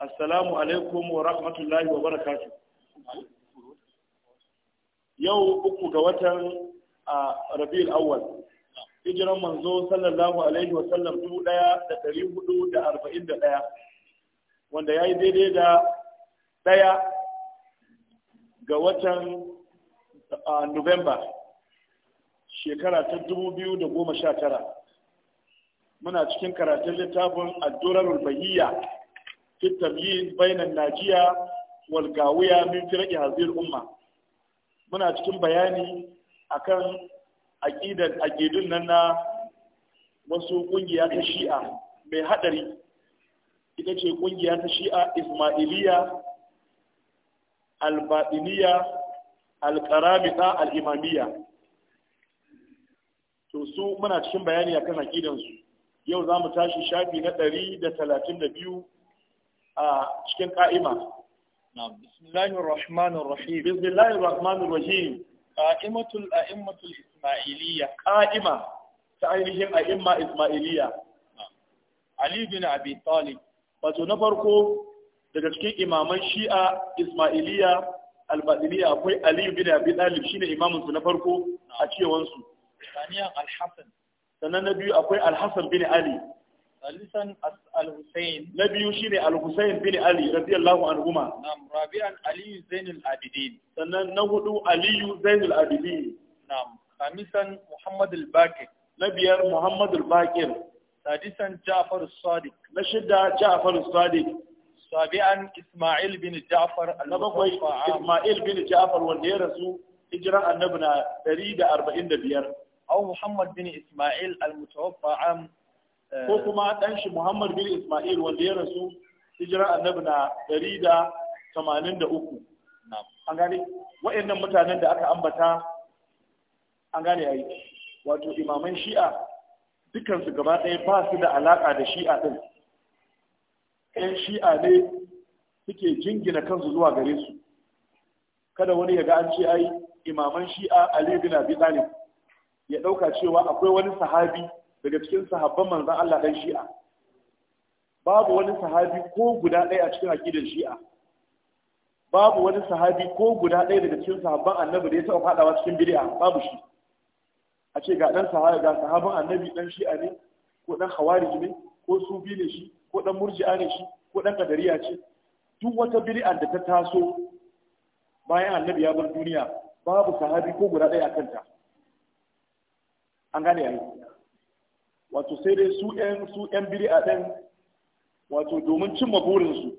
assalamu alaikum wa rahmatullahi wa barakatu yau uku ga watan a rabiul awwal hijiran manzo sallallahu alaihi wa sallam dubu daya da dari hudu da arba'in da daya wanda ya yi daidai da daya ga watan nuwamba shekara ta dubu biyu da goma sha tara muna cikin karatun littafin addurar bahiyya في التمييز بين الناجية والقاوية من فرق هذه الأمة من أتكلم بياني أكن أكيدا أكيدون أن wasu ƙungiya shi'a mai haɗari ita ce ƙungiya ta shi'a ismailiya albaɗiniya alƙaramita al'imamiya to su muna cikin bayani akan aƙidansu yau za mu tashi shafi na ɗari da talatin da biyu a cikin ka'ima bismillahir rahmanir rahim bismillahir rahmanir rahim qa'imatul a'immatul ismailiyya Ka'ima ta ainihin a'imma ismailiyya ali bin abi talib wato na farko daga cikin imaman shi'a ismailiyya albadiliya akwai ali bin abi talib shine imamin su na farko a cewansu saniyan al-hasan sannan na biyu akwai al-hasan bin ali ثالثا الحسين نبي شيني الحسين بن علي رضي الله عنهما نعم رابعا علي زين العابدين سنن نهدو علي زين العابدين نعم خامسا محمد الباكر نبي محمد الباكر سادسا جعفر الصادق نشد جعفر الصادق سابعا اسماعيل بن جعفر النبوي اسماعيل بن جعفر واللي رسول هجرة النبنا 145 أو محمد بن إسماعيل المتوفى عام ko kuma dan shi Muhammad bin Isma'il wanda ya rasu hijira annabi na 183 an gane wa'annan mutanen da aka ambata an gane yayi wato imaman shi'a dukansu gaba ɗaya ba su da alaƙa da shi'a ɗin Yan shi'a ne suke jingina kansu zuwa gare su kada wani ya ga an ce ai imaman shi'a ali bin abi talib ya ɗauka cewa akwai wani sahabi daga cikin sahabban manzan Allah ɗan shi'a babu wani sahabi ko guda ɗaya a cikin aƙidar shi'a babu wani sahabi ko guda ɗaya daga cikin sahabban annabi da ya taɓa faɗawa cikin bid'a babu shi a ce ga ɗan sahabi ga sahabban annabi ɗan shi'a ne ko ɗan hawarij ne ko sufi ne shi ko ɗan murji'a ne shi ko ɗan kadariya ce duk wata bid'a da ta taso bayan annabi ya bar duniya babu sahabi ko guda ɗaya a kanta an gane yi. wato sai dai su ƴan su ƴan bid'a ɗan wato domin cimma burinsu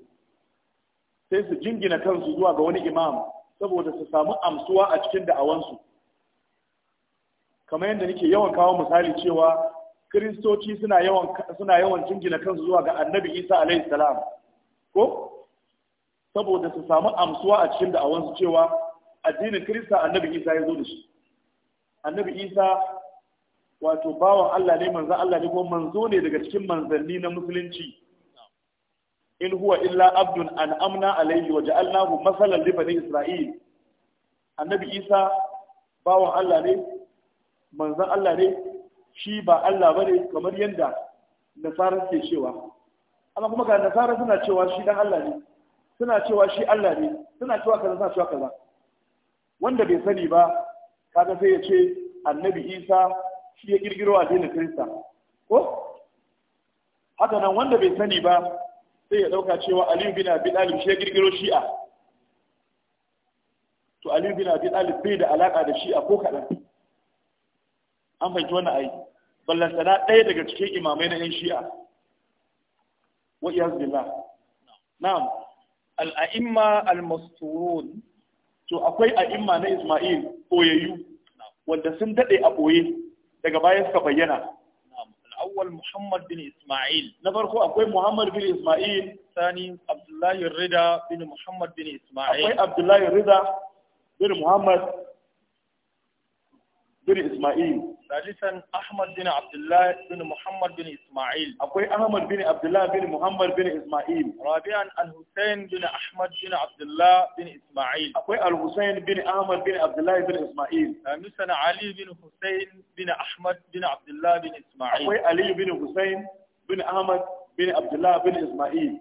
sai su jingina kansu zuwa ga wani imam saboda su samu amsuwa a cikin da'awansu kamar yadda nake yawan kawo misali cewa kiristoci suna yawan suna yawan jingina kansu zuwa ga annabi isa alaihi salam ko saboda su samu amsuwa a cikin da'awansu cewa addinin kirista annabi isa ya zo da shi annabi isa wato bawan Allah ne manzo Allah ne ko manzo ne daga cikin manzanni na musulunci in huwa illa abdun amna alayhi wa ja'alnahu masalan li bani isra'il annabi isa bawan Allah ne manzo Allah ne shi ba Allah bane kamar yanda nasara ke cewa amma kuma ga nasara suna cewa shi dan Allah ne suna cewa shi Allah ne suna cewa kaza suna cewa kaza wanda bai sani ba kaga sai ya ce annabi isa shi ya girgiro addinin Kirista ko haka nan wanda bai sani ba sai ya dauka cewa Aliyu bin Abi Talib shi ya girgiro Shi'a to Aliyu bin Abi Talib bai da alaka da Shi'a ko kadan an fahimci wannan ai na ɗaya daga cikin imamai na 'yan Shi'a wa iyaz billah na'am Al'aimma al-masturun to akwai a'imma na Isma'il koyayyu wanda sun dade a ɓoye. daga baya suka bayyana الأول محمد بن إسماعيل نفرقوا أقوي محمد بن إسماعيل ثاني عبد الله الرضا بن محمد بن إسماعيل أقوي عبد الله الرضا بن محمد bin Ismail. Salisan Ahmad bin Abdullah bin Muhammad bin Ismail. Akwai Ahmad bin Abdullah bin Muhammad bin Ismail. Rabi'an Al-Hussein bin Ahmad bin Abdullah bin Ismail. Akwai Al-Hussein bin Ahmad bin Abdullah bin Ismail. Samisan Ali bin Hussein bin Ahmad bin Abdullah bin Ismail. Akwai Ali bin Hussein bin Ahmad bin Abdullah bin Ismail.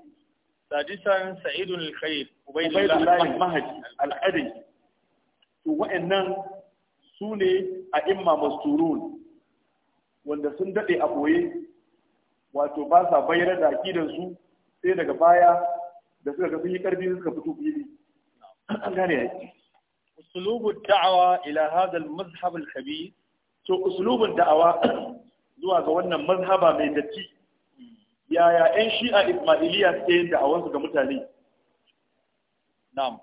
Sadisan Sa'idun Al-Khair. Ubaidullah Mahdi Al-Adi. To su ne a imma masturun wanda sun daɗe a ɓoye wato ba sa bayyana da akidansu sai daga baya da suka ga sun yi ƙarfi suka fito fili an gane ya usulubu da'awa ila hadal al-mazhab al to usulubun da'awa zuwa ga wannan mazhaba mai datti yaya ƴan shi'a ismailiya suke yin da'awansu ga mutane na'am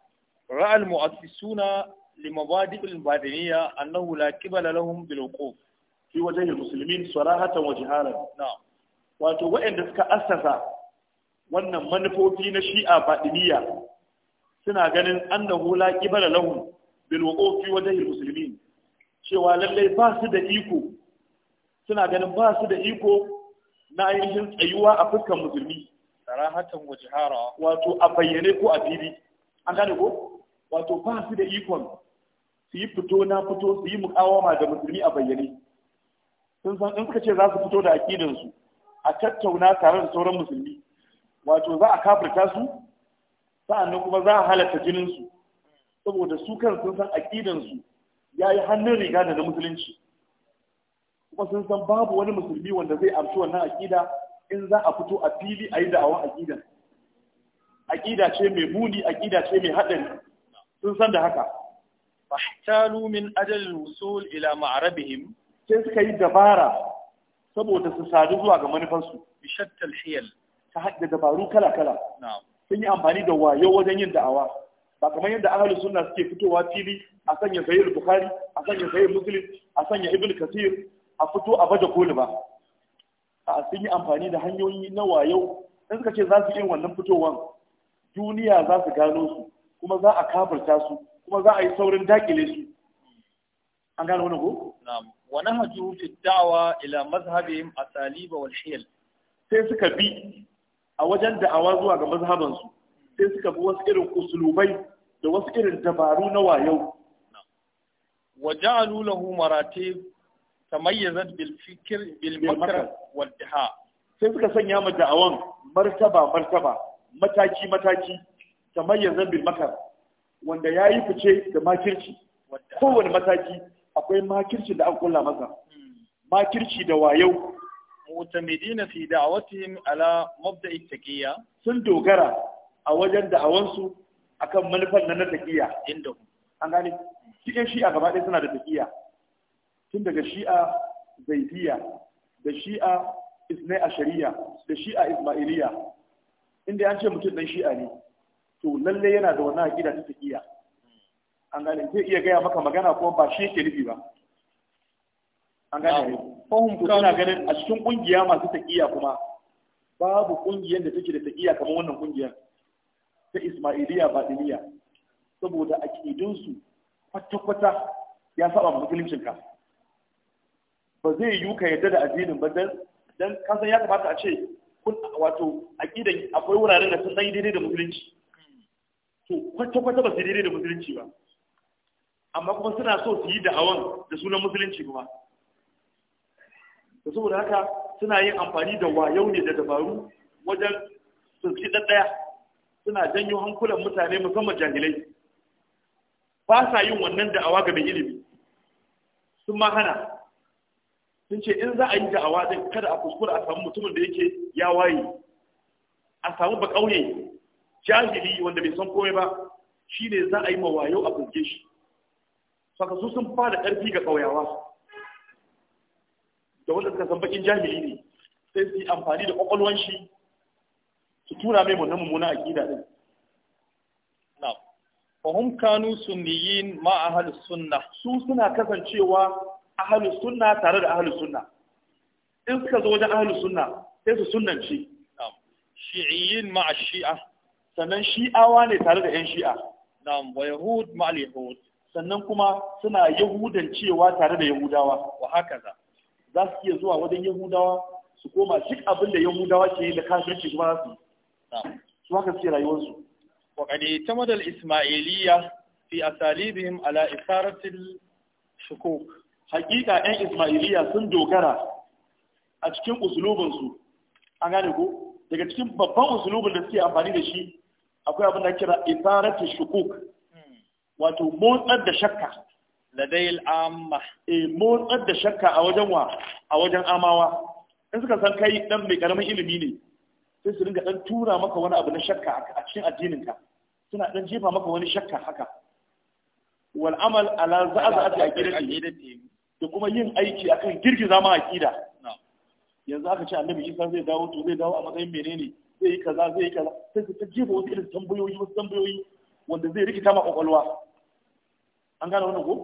ra'al mu'assisuna لمبادئ الباطنية أنه لا كبل لهم بالوقوف في وجه المسلمين صراحة وجهالا نعم wato waɗanda suka assasa wannan manufofi na shi'a baɗiniya suna ganin annahu la qibala lahum bil wuqufi wajhil muslimin cewa lallai ba su da iko suna ganin ba su da iko na ainihin tsayuwa a fuskan musulmi sarahatan wa jihara wato a bayyane ko a fili an gane ko wato ba su da ikon su yi fito na fito su yi mukawama da musulmi a bayyane sun san in suka ce za su fito da aƙidansu a tattauna tare da sauran musulmi wato za a kafirta su sa'annan kuma za a halatta jininsu saboda su kan sun san aƙidansu ya yi hannun riga da na musulunci kuma sun san babu wani musulmi wanda zai amshi wannan aƙida in za a fito a fili a yi da'awan aƙidan aƙida ce mai muni aƙida ce mai haɗari sun san da haka fahtalu min ajal wusul ila ma'arabihim sai suka yi dabara saboda su sadu zuwa ga manufansu bi shattal hiyal ta hadda dabaru kala kala sun yi amfani da wayo wajen yin da'awa ba kamar yadda ahli sunna suke fitowa fili a sanya sayyid bukhari a sanya sayyid muslim a sanya ibnu kathir a fito a baje koli ba a sun yi amfani da hanyoyi na wayo Sai suka ce za su yi wannan fitowan duniya za su gano su kuma za a kafirta su kuma za a yi saurin dakile su an gano wani ko na'am wa nahaju fi da'wa ila mazhabihim asaliba wal hiyal sai suka bi a wajen da'awa zuwa ga mazhaban su sai suka bi wasu irin usulubai da wasu irin dabaru na wayau wa ja'alu lahu maratib tamayyazat bil fikr bil makr wal diha sai suka sanya ma da'awan martaba martaba mataki mataki tamayyazat bil makr wanda ya yi fice da makirci kowane mataki akwai makirci da aka kulla masa makirci da wayo mutamidina fi da'awatihim ala mabda'i taqiyya sun dogara a wajen da'awansu akan manufan na taqiyya inda an gane cikin shi'a gaba ɗaya suna da taqiyya tun daga shi'a zaidiyya da shi'a isnai ashariya da shi'a ismailiya inda an ce mutum dan shi'a ne to lalle yana da wannan aqida ta tafiya an gane zai iya gaya maka magana kuma ba shi yake nufi ba an gane fahim ko suna ganin a cikin kungiya masu taqiya kuma babu kungiyar da take da taqiya kamar wannan kungiyar ta Isma'iliya Batiniya saboda aqidun su kwata-kwata ya saba musuluncin ka ba zai yiwu ka yarda da addinin ba dan dan kasan ya kamata a ce kun wato aqidan akwai wuraren da sun dai daidai da musulunci to kwata-kwata ba su daidai da musulunci ba amma kuma suna so su yi da'awan da sunan musulunci kuma da saboda haka suna yin amfani da wayau ne da dabaru wajen sulki ɗaɗɗaya suna janyo hankulan mutane musamman jahilai ba sa yin wannan da'awa ga mai ilimi sun ma hana sun ce in za a yi da'awa din kada a kuskura a samu mutumin da yake ya waye a samu ba ƙauye jahili wanda bai san komai ba shi ne za a yi mawayo a burge shi saka su sun fara ƙarfi ga ƙauyawa da wanda suka san bakin jahili ne sai su yi amfani da ƙwaƙwalwan shi su tura mai wannan mummuna gida din na fahim kanu sunniyin ma ahalus sunna su suna kasancewa ahalus sunna tare da ahalus sunna in suka zo wajen ahalus sunna sai su sunnance shi'iyyin ma shi'a sannan shi'awa ne tare da 'yan shi'a na'am wa yahud ma'al sannan kuma suna Yahudan cewa tare da yahudawa wa haka za Za su iya zuwa wajen yahudawa su koma duk abin da yahudawa ke yi da kafirci kuma su su haka suke rayuwarsu wa qad tamada al-isma'iliyya fi asalibihim ala isaratil shukuk hakika 'yan isma'iliyya sun dogara a cikin usulubinsu an gane ko daga cikin babban usulubin da suke amfani da shi akwai abin da kira isaratu shukuk wato motsar da shakka ladai al'amma eh motsar da shakka a wajen wa a wajen amawa in suka san kai dan mai karamin ilimi ne sai su dinga dan tura maka wani abu na shakka a cikin addininka suna dan jefa maka wani shakka haka wal amal ala za'azati aqidati da kuma yin aiki akan girgiza ma aqida yanzu aka ce annabi Isa zai dawo to zai dawo a matsayin menene zai yi kaza zai yi kaza sai su ta jefa wasu irin tambayoyi wasu tambayoyi wanda zai rikita ma kwakwalwa an gane wannan ko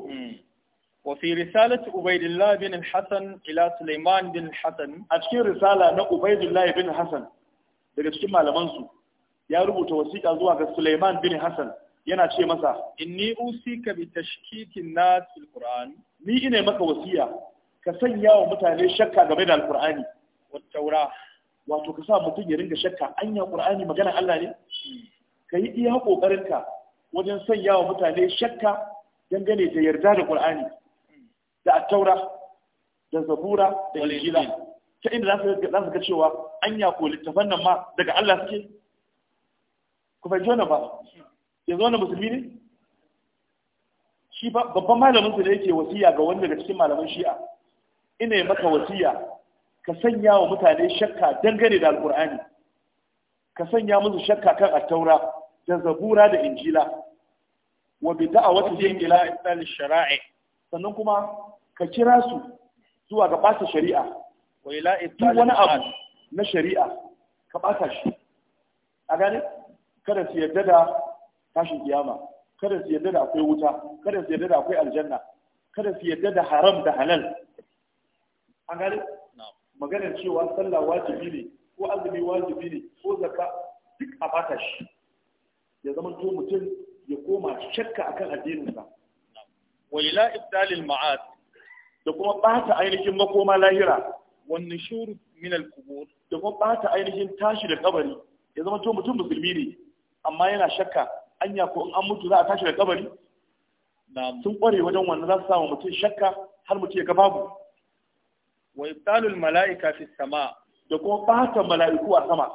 وفي رسالة عبيد الله بن الحسن إلى سليمان بن الحسن أشكي رسالة نا عبيد الله بن الحسن daga cikin malamansu ya rubuta wasiƙa zuwa ga Sulaiman bin Hassan yana ce masa inni usika bi tashkikin nas fil ni ina maka wasiya ka sanya wa mutane shakka game da Al-Qur'ani wa Tawrah wato ka sa mutum ya ringa shakka anya qur'ani magana Allah ne ka yi iya ka wajen sanya wa mutane shakka dangane da yarda da qur'ani da attaura da zabura da injila ta inda za su ga cewa anya ko littafan nan ma daga Allah suke ku fahimci wannan ba zo na musulmi ne shi babban malamin su da yake wasiya ga wani daga cikin malaman shi'a ina yi maka wasiya ka sanya wa mutane shakka dangane da alkur'ani ka sanya musu shakka kan attaura da zabura da injila wa bi da'awati ila isal shara'i sannan kuma ka kira su zuwa ga ɓata shari'a wa ila isal wani abu na shari'a ka ɓata shi a gane kada su yarda da tashin kiyama kada su yarda da akwai wuta kada su yarda da akwai aljanna kada su yarda da haram da halal an gane maganar cewa sallah wajibi ne ko azumi wajibi ne ko zakka duk a bata shi ya zama to mutum ya koma shakka akan addininsa wa ila ibdalil ma'ad da kuma bata ainihin makoma lahira wan nushur min al qubur da kuma bata ainihin tashi da kabari ya zama to mutum musulmi ne amma yana shakka anya ko an mutu za a tashi da kabari sun kware wajen wannan za su samu mutum shakka har mutum ya ga babu wa ibtalul mala'ika fi sama da kuma bata mala'iku a sama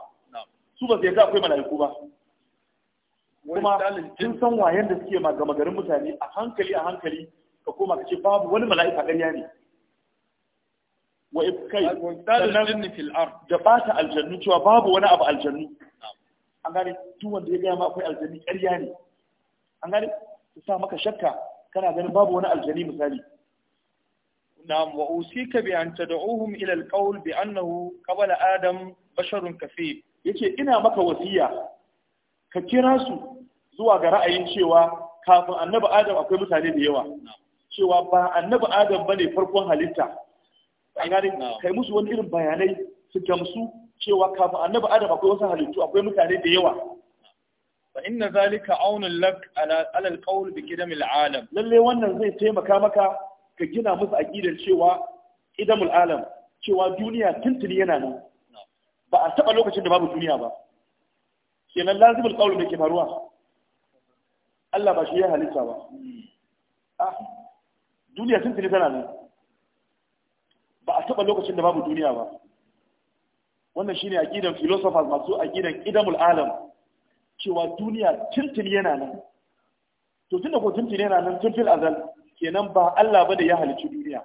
su ba zai ga akwai mala'iku ba kuma sun san wayan da suke ma gama garin mutane a hankali a hankali ka koma ka ce babu wani mala'ika ƙarya ne wa ibkai ard da bata aljannu cewa babu wani abu aljannu an gane duk wanda ya gaya ma akwai aljanni ƙarya ne an gane su sa maka shakka kana ganin babu wani aljanni misali نعم وأوصيك بأن تدعوهم إلى القول بأنه قبل آدم بشر كثير yace ina maka wasiya ka kira su zuwa ga ra'ayin cewa kafin annabi adam akwai mutane da yawa cewa ba annabi adam bane farkon halitta kai musu wani irin bayanai su gamsu cewa kafin annabi adam akwai wasu halittu akwai mutane da yawa fa inna zalika aunul lak ala al qawl bi wannan zai taimaka maka ka gina musu aqidar cewa idamul alam cewa duniya tuntuni yana nan ba a taba lokacin da babu duniya ba kenan lazimul qawl da ke faruwa Allah ba shi ya halitta ba ah duniya tuntuni tana nan ba a taba lokacin da babu duniya ba wannan shine aqidan philosophers masu aqidan idamul alam cewa duniya tuntuni yana nan to tunda ko tuntuni yana nan tun azal kenan ba Allah ba da ya halicci duniya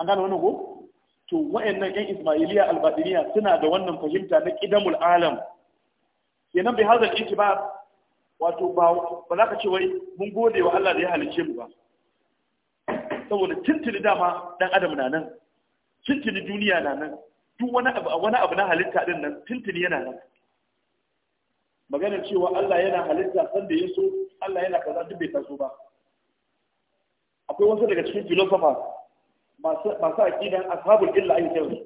an gano wannan ko to wayannan yan Ismailiya albadiniya suna da wannan fahimta na qidamul alam kenan bai hazal ba wato ba ba za ka ce wai mun gode wa Allah da ya halicce mu ba saboda tuntuni dama dan adam na nan tuntuni duniya na nan duk wani abu wani abu na halitta din nan tuntuni yana nan maganar cewa Allah yana halitta sanda ya so Allah yana kaza duk bai taso ba akwai wasu daga cikin philosophers masu aqidan ashabul illa ayi tawhid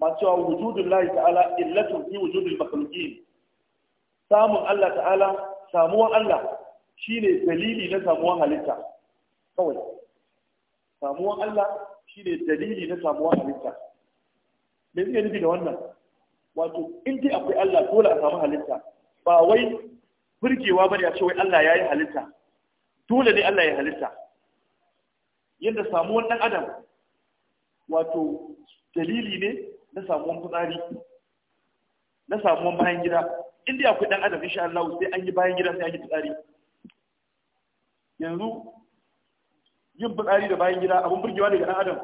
masu cewa wujudul lahi ta'ala illatun fi wujudil makhluqin samun Allah ta'ala samuwan Allah shine dalili na samuwan halitta kawai samuwan Allah shine dalili na samuwan halitta me zai nufi da wannan wato in dai akwai Allah dole a samu halitta ba wai furkewa bane a ce wai Allah yayi halitta dole ne Allah ya halitta yadda samuwar ɗan adam wato dalili ne na samuwar fitsari na samuwar bayan gida inda akwai ɗan adam insha Allah sai an yi bayan gida sai an yi fitsari yanzu yin fitsari da bayan gida abin burgewa daga ɗan adam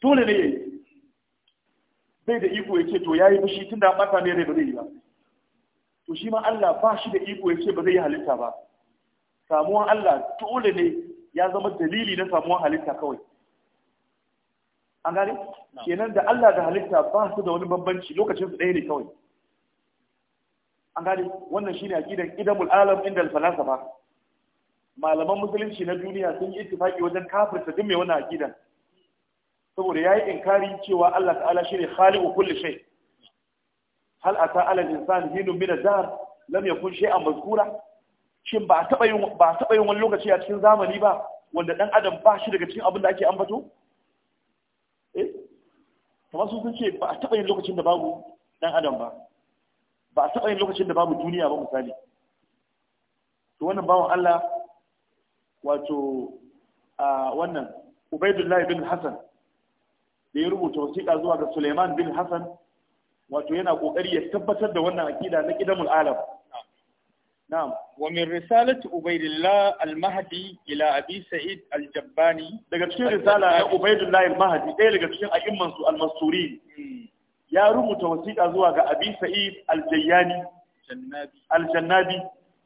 dole ne yayi bai da iko yake to yayi fushi tunda an bata mai rai ba zai yi ba to shi ma Allah ba shi da iko yake ba zai yi halitta ba samuwar Allah dole ne ya zama dalili na samuwa halitta kawai an gane kenan da Allah da halitta ba su da wani bambanci lokacin su ɗaya ne kawai an gane wannan shine gidan idamul alam inda al-falasafa malaman musulunci na duniya sun yi ittifaki wajen kafirta duk mai wannan gidan. saboda yayi inkari cewa Allah ta'ala shine khaliqu kulli shay hal ata ala al-insani hinu min ad-dahr lam yakun shay'an mazkura shin ba a taɓa yin ba taɓa yin wani lokaci a cikin zamani ba wanda ɗan adam ba shi daga cikin abin da ake ambato eh kamar su sun ce ba a taɓa yin lokacin da babu ɗan adam ba ba a taɓa yin lokacin da babu duniya ba misali to wannan bawan Allah wato a wannan Ubaidullahi bin Hassan da ya rubuta wasiƙa zuwa ga Suleiman bin Hassan wato yana ƙoƙari ya tabbatar da wannan aƙida na ƙidamul alam نعم ومن رسالة عبيد الله المهدي إلى أبي سعيد الجباني daga cikin risala عبيد الله المهدي ɗaya daga cikin a'imman su al-masuri hmm. ya rubuta wasiƙa zuwa ga Abi Sa'id al-Jayyani al-Jannabi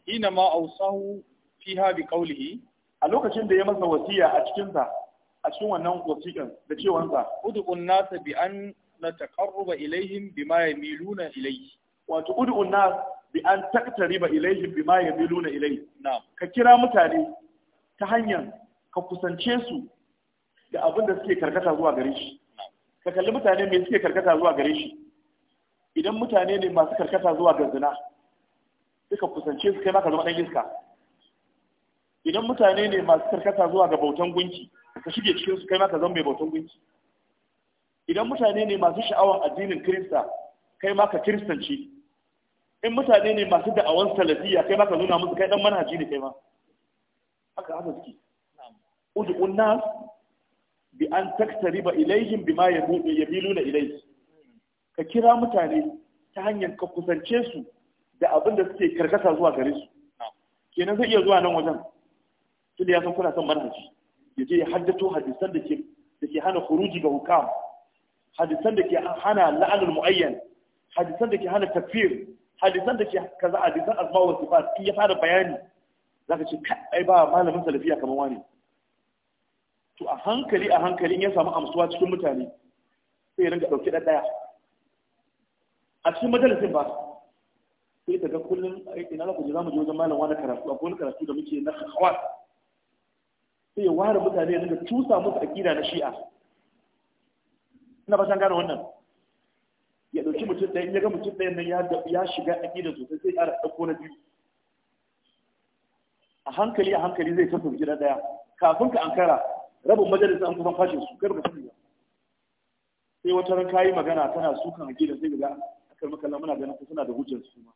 ina ma ausahu fiha bi qawlihi a lokacin da ya masa wasiya a cikin a cikin wannan wasiƙan da cewan sa ud'un nasa bi an bima wato ud'un bi an ba ilaihim yamiluna yabiluna ilayhi ka kira mutane ta hanyar ka kusance su da abin da suke karkata zuwa gare shi ka kalli mutane me suke karkata zuwa gare shi idan mutane ne masu karkata zuwa ga zina suka kusance su kai maka zama ɗan iska idan mutane ne masu karkata zuwa ga bautan gunki ka shige cikin su kai maka zama mai bautan gunki idan mutane ne masu sha'awar addinin kirista kai maka kiristanci in mutane ne masu da'awan salafiya kai ma nuna musu kai dan manhaji ne kai ma haka haka suke ud'un nas bi an taktariba ilayhim bima yahudu yabiluna ilayhi ka kira mutane ta hanyar ka kusance su da abin da suke karkasa zuwa gare su kenan zai iya zuwa nan wajen tunda ya san kuna son manhaji ya je ya haddato hadisan da ke da ke hana khuruji ga hukam hadisan da ke hana la'anul muayyan hadisan da ke hana takfir hadisan da ke kaza hadisan asma wa sifat in ya fara bayani Za ka ce ai ba malamin salafiya kamar wani to a hankali a hankali in ya samu amsuwa cikin mutane sai ya ringa dauki dan daya a cikin majalisin ba sai ta ga kullum ina ku je za mu je wajen malam wani karatu akwai wani karatu da muke na hawa. sai ya ware mutane ya dinga tusa musu akida na shi'a ina ba san gane wannan ya ɗauki mutum ɗaya ya ga mutum ɗaya nan ya shiga aƙida sosai sai ƙara ɗauko na biyu a hankali a hankali zai tafi gida ɗaya kafin ka ankara rabin majalisa an kuma fashin su ba su ba sai wata ran kayi magana tana sukan aƙida sai ga akar makalla muna ganin ku suna da hujjar su ma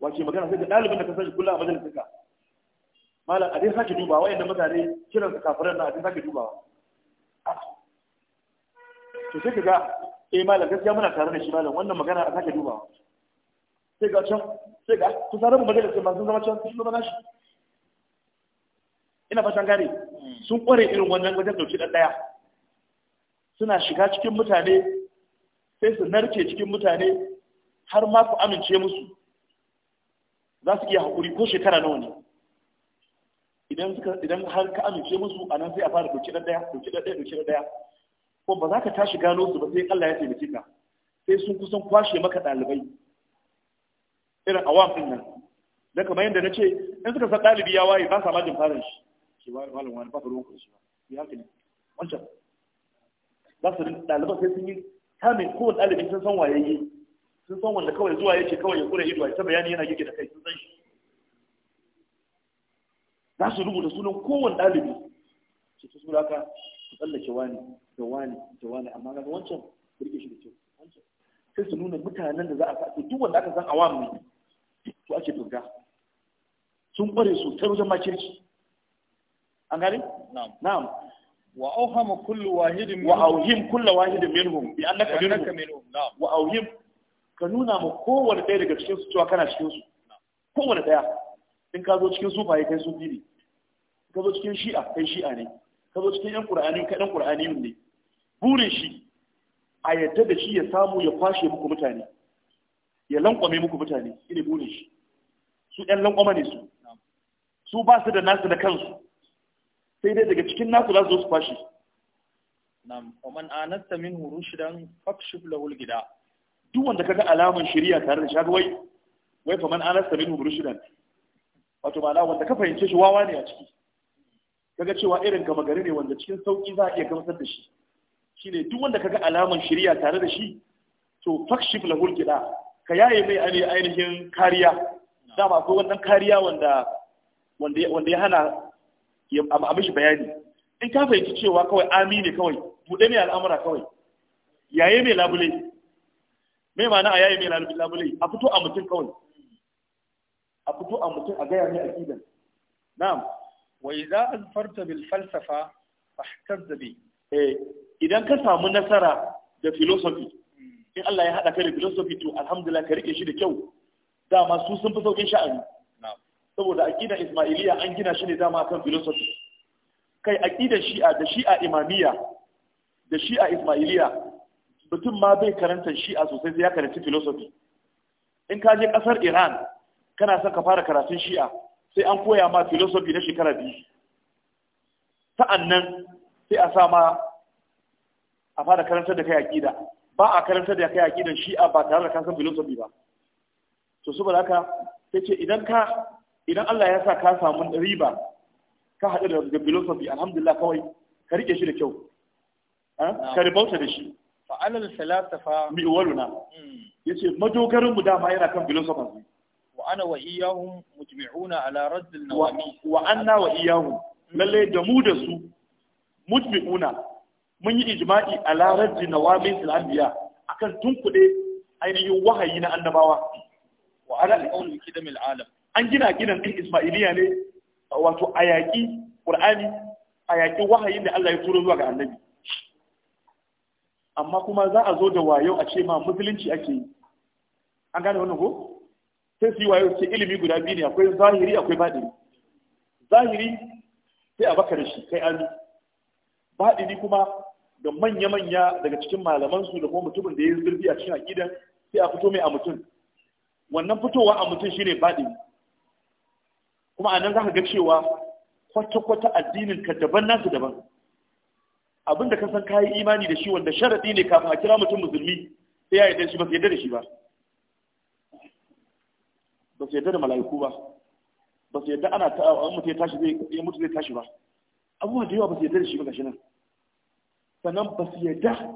wace magana sai ga ɗalibin da ka sani kullum a majalisa ka malam a dai sake dubawa yadda mutane kiransa kafiran na a dai sake dubawa to sai ka ga eh malam gaskiya muna tare da shi malam wannan magana a sake dubawa sai ga can sai ga ku sarar mu sai ma sun zama can sun zama nashi ina fatan gare. Hmm. sun kware irin wannan wajen dauki dan daya suna shiga cikin mutane sai su narke cikin mutane har ma ku amince musu za su iya haƙuri ko shekara nawa ne idan har ka amince musu anan sai a fara ɗauki ɗan daya ɗauki ɗan daya ɗauki ɗan daya ko ba za ka tashi gano su ba sai Allah ya taimake ka sai sun kusan kwashe maka ɗalibai irin awam din nan da kamar yadda na ce in suka san ɗalibi ya waye ba sa ma jin farin shi shi ba malam wani ba ruwan ku shi ba ya haka ne wancan Ba su dalibai sai sun yi kamin ko ɗalibin sun san waye yi, sun san wanda kawai zuwa yake kawai ya kure ido a ta bayani yana gike da kai sun san shi za su rubuta sunan kowane ɗalibi su su raka. su tsallake wani da wani da wani amma kaga wancan burge shi da kyau wancan sai su nuna mutanen da za a sa duk wanda aka san awam ne to ake turga sun kware su ta wajen makirci an gane na'am na'am wa awhama kullu wahidin minhum wa awhim kullu wahidin minhum bi annaka minhum wa awhim ka nuna ma kowanne ɗaya daga cikin su cewa kana cikin su kowanne ɗaya in ka zo cikin sufaye kai sufi ne ka zo cikin shi'a kai shi'a ne ka cikin yan qur'ani kaɗan qur'ani ne burin shi a yadda da shi ya samu ya kwashe muku mutane ya lankwame muku mutane shine burin shi su yan lankwama ne su su ba su da nasu da kansu sai dai daga cikin nasu za su kwashe nam man anasta minhu rushdan fakshif lahul gida duk wanda kaga alaman shari'a tare da shaga wai wai fa man anasta minhu rushdan wato ma'ana wanda ka fahimce shi wawa ne a ciki kaga cewa irin gama gari ne wanda cikin sauki za a iya gamsar da shi shine duk wanda kaga alaman shirya tare da shi to fakshif lahul gida ka yaye mai ainihin kariya ba akwai wannan kariya wanda wanda ya hana a mishi bayani in ka fahimci cewa kawai ami ne kawai buɗe mai al'amura kawai yaye mai labule mai mana a yaye mai labule a fito a mutum kawai a fito a mutum a gaya mai akidan na'am wa idza azfarta bil falsafa fahtazza bi idan ka samu nasara da philosophy in Allah ya haɗa ka da philosophy to alhamdulillah ka rike shi da kyau dama su sun fi saukin sha'ani saboda aqida ismailiya an gina shi ne dama kan philosophy kai aqidar shi'a da shi'a imamiyya da shi'a ismailiya mutum ma bai karanta shi'a sosai sai ya karanci philosophy in ka je kasar iran kana son ka fara karatun shi'a sai an koya ma filosofi na shekara biyu sa'annan sai a sa ma a fara karantar da kai aƙida ba a karantar da kai aƙidan shi'a ba tare da ka san ba to saboda haka sai ce idan ka idan Allah ya sa ka samu riba ka haɗu da filosofi alhamdulillah kawai ka riƙe shi da kyau eh? ka ribauta da shi fa'alal falsafa mi'waluna hmm. yace madogarin mu dama yana kan philosophy wa ana wa iyahum mujmi'una ala radd an-nawami wa anna wa iyahum lalle da mu da su mujmi'una mun yi ijma'i ala radd an-nawami anbiya akan tunkude ainihin wahayi na annabawa wa ala qawl kidam al-alam an gina gidan din isma'iliya ne wato ayaki qur'ani ayaki wahayi da Allah ya turo zuwa ga annabi amma kuma za a zo da wayo a ce ma musulunci ake yi an gane wannan ko sai su yi wayo ce ilimi guda biyu ne akwai zahiri akwai baɗini zahiri sai a baka da shi kai an baɗini kuma da manya-manya daga cikin malamansu da kuma mutumin da ya yi zurfi a cikin aƙidan sai a fito mai a mutum wannan fitowa a mutum shine baɗini kuma a nan za ka ga cewa kwata-kwata addinin ka daban nasu daban abin da ka san kayi imani da shi wanda sharaɗi ne kafin a kira mutum musulmi sai ya yarda shi ba sai yarda da shi ba ba su yadda da mala'iku ba ba su yadda ana ta'a mutu ya tashi zai mutu zai tashi ba abubuwa da yawa ba su yadda da shi ba gashi nan sannan ba su yadda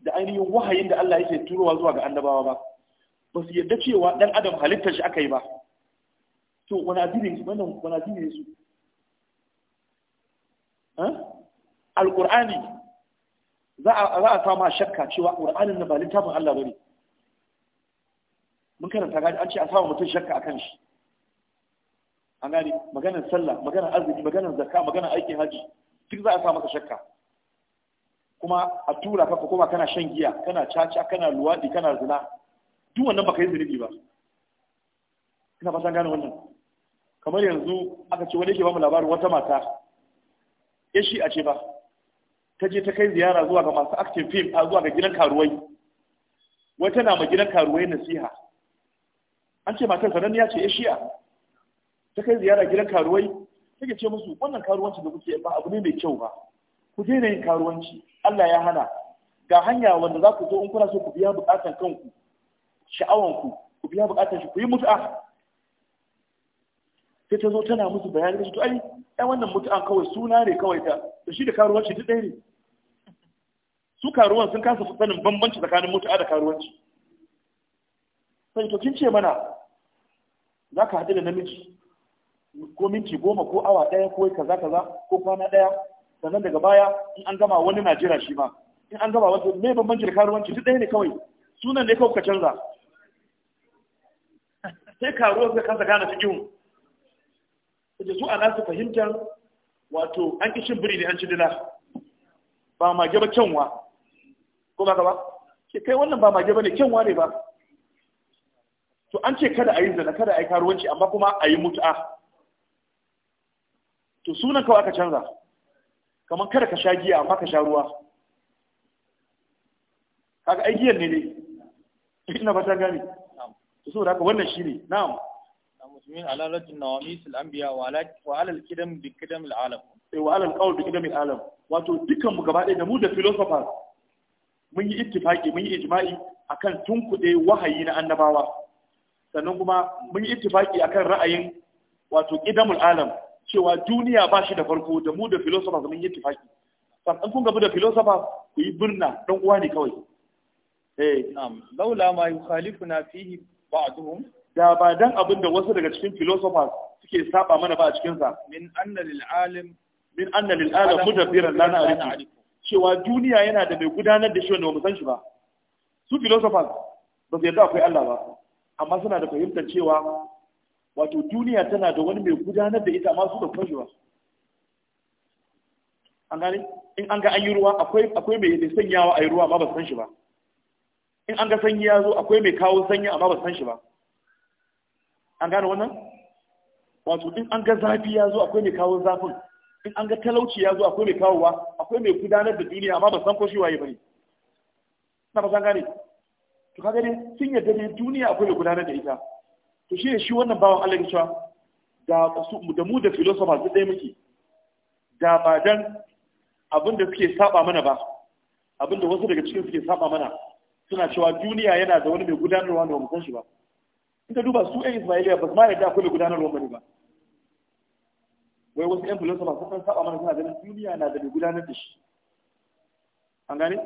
da ainihin wahayin da Allah yake turowa zuwa ga annabawa ba ba su yadda cewa dan adam halittar shi aka yi ba to wani addini wannan wani addini su alqur'ani za a za a sama shakka cewa qur'anin na ba littafin Allah bane mun karanta gani an ce a samu mutum shakka kan shi an gane maganar sallah maganar arziki maganar zakka maganar aikin haji duk za a sa maka shakka kuma a tura ka kuma kana shan giya kana caca kana luwadi kana zina duk wannan baka yi zunubi ba ina fatan gane wannan kamar yanzu aka ce wani yake ba mu labarin wata mata ya shi a ce ba ta je ta kai ziyara zuwa ga masu active film a zuwa ga gidan karuwai wata tana ma gidan karuwai nasiha an ce matar ya ce ya eh, ta kai ziyara gidan karuwai take ce musu wannan karuwanci da kuke ba abu ne mai kyau ba ku je yin karuwanci Allah ya hana ga hanya wanda za ku zo in kuna so ku biya bukatan kanku sha'awanku ku biya bukatan shi ku yi mutu'a sai ta zo tana musu bayani da to ai ai wannan mutu'an kawai suna ne kawai ta da shi da karuwanci duk ɗaya ne su karuwan sun kasa sanin bambanci tsakanin mutu'a da karuwanci sai to kin ce mana za ka haɗu da namiji ko minti goma ko awa ɗaya ko kaza kaza ko kwana ɗaya sannan daga baya in an gama wani na jira shi ma in an gama wasu me bambanci da karuwanci duk ɗaya ne kawai sunan ne kawai ka canza sai karuwa suka kasa gane cikin da su a nasu fahimtar wato an kishin biri ne an ci dila ba mage ba kyanwa ko ba ka ba ke kai wannan ba mage ba ne kyanwa ne ba to an ce kada a yi zina kada a yi karuwanci amma kuma a yi mut'a to sunan kawai aka canza kamar kada ka sha giya amma ka sha ruwa kaga ai giyan ne ne ina ba ta gane to saboda haka wannan shine na'am المسلمين على رد النواميس الأنبياء وعلى وعلى الكدم بكدم العالم وعلى القول بكدم العالم wato dukkan mu gaba ɗaya da mu da philosophers mun yi ittifaki mun yi ijma'i akan tunkuɗe wahayi na annabawa sannan kuma mun yi ittifaki akan ra'ayin wato idamul alam cewa duniya ba shi da farko da mu da philosophers mun yi ittifaki sannan kun gabu da philosophers ku yi birna dan uwa ne kawai eh na'am laula ma yukhalifuna fihi ba'dhum da ba dan abin da wasu daga cikin philosophers suke saba mana ba a cikin sa min anna lil alim min anna lil alam mudabbiran la na'rifu cewa duniya yana da mai gudanar da shi wanda ba mu san shi ba su philosophers ba su yarda akwai Allah ba amma suna da fahimtar cewa wato duniya tana da wani mai gudanar da ita masu da kwashewa an gane in an ga an yi ruwa akwai mai sanyawa a yi ruwa amma ba san shi ba in an ga sanyi ya zo akwai mai kawo sanyi amma ba san shi ba an gane wannan wato in an ga zafi ya zo akwai mai kawo zafin in an ga talauci ya zo akwai mai kawowa akwai mai gudanar da duniya amma ba san ko shi waye bane na ba san gane to ka gani sun yadda ne duniya akwai da gudanar da ita to shi ne shi wannan bawan Allah ya cewa da su da mu da philosopher duk dai muke da ba dan abin da suke saba mana ba abin da wasu daga cikin suke saba mana suna cewa duniya yana da wani mai gudanarwa da ba san shi ba in ka duba su ɗan Ismailiya ba su ma yadda akwai mai gudanarwa ba ne ba wai wasu 'yan philosopher sun saba mana suna ganin duniya na da mai gudanar da shi an gane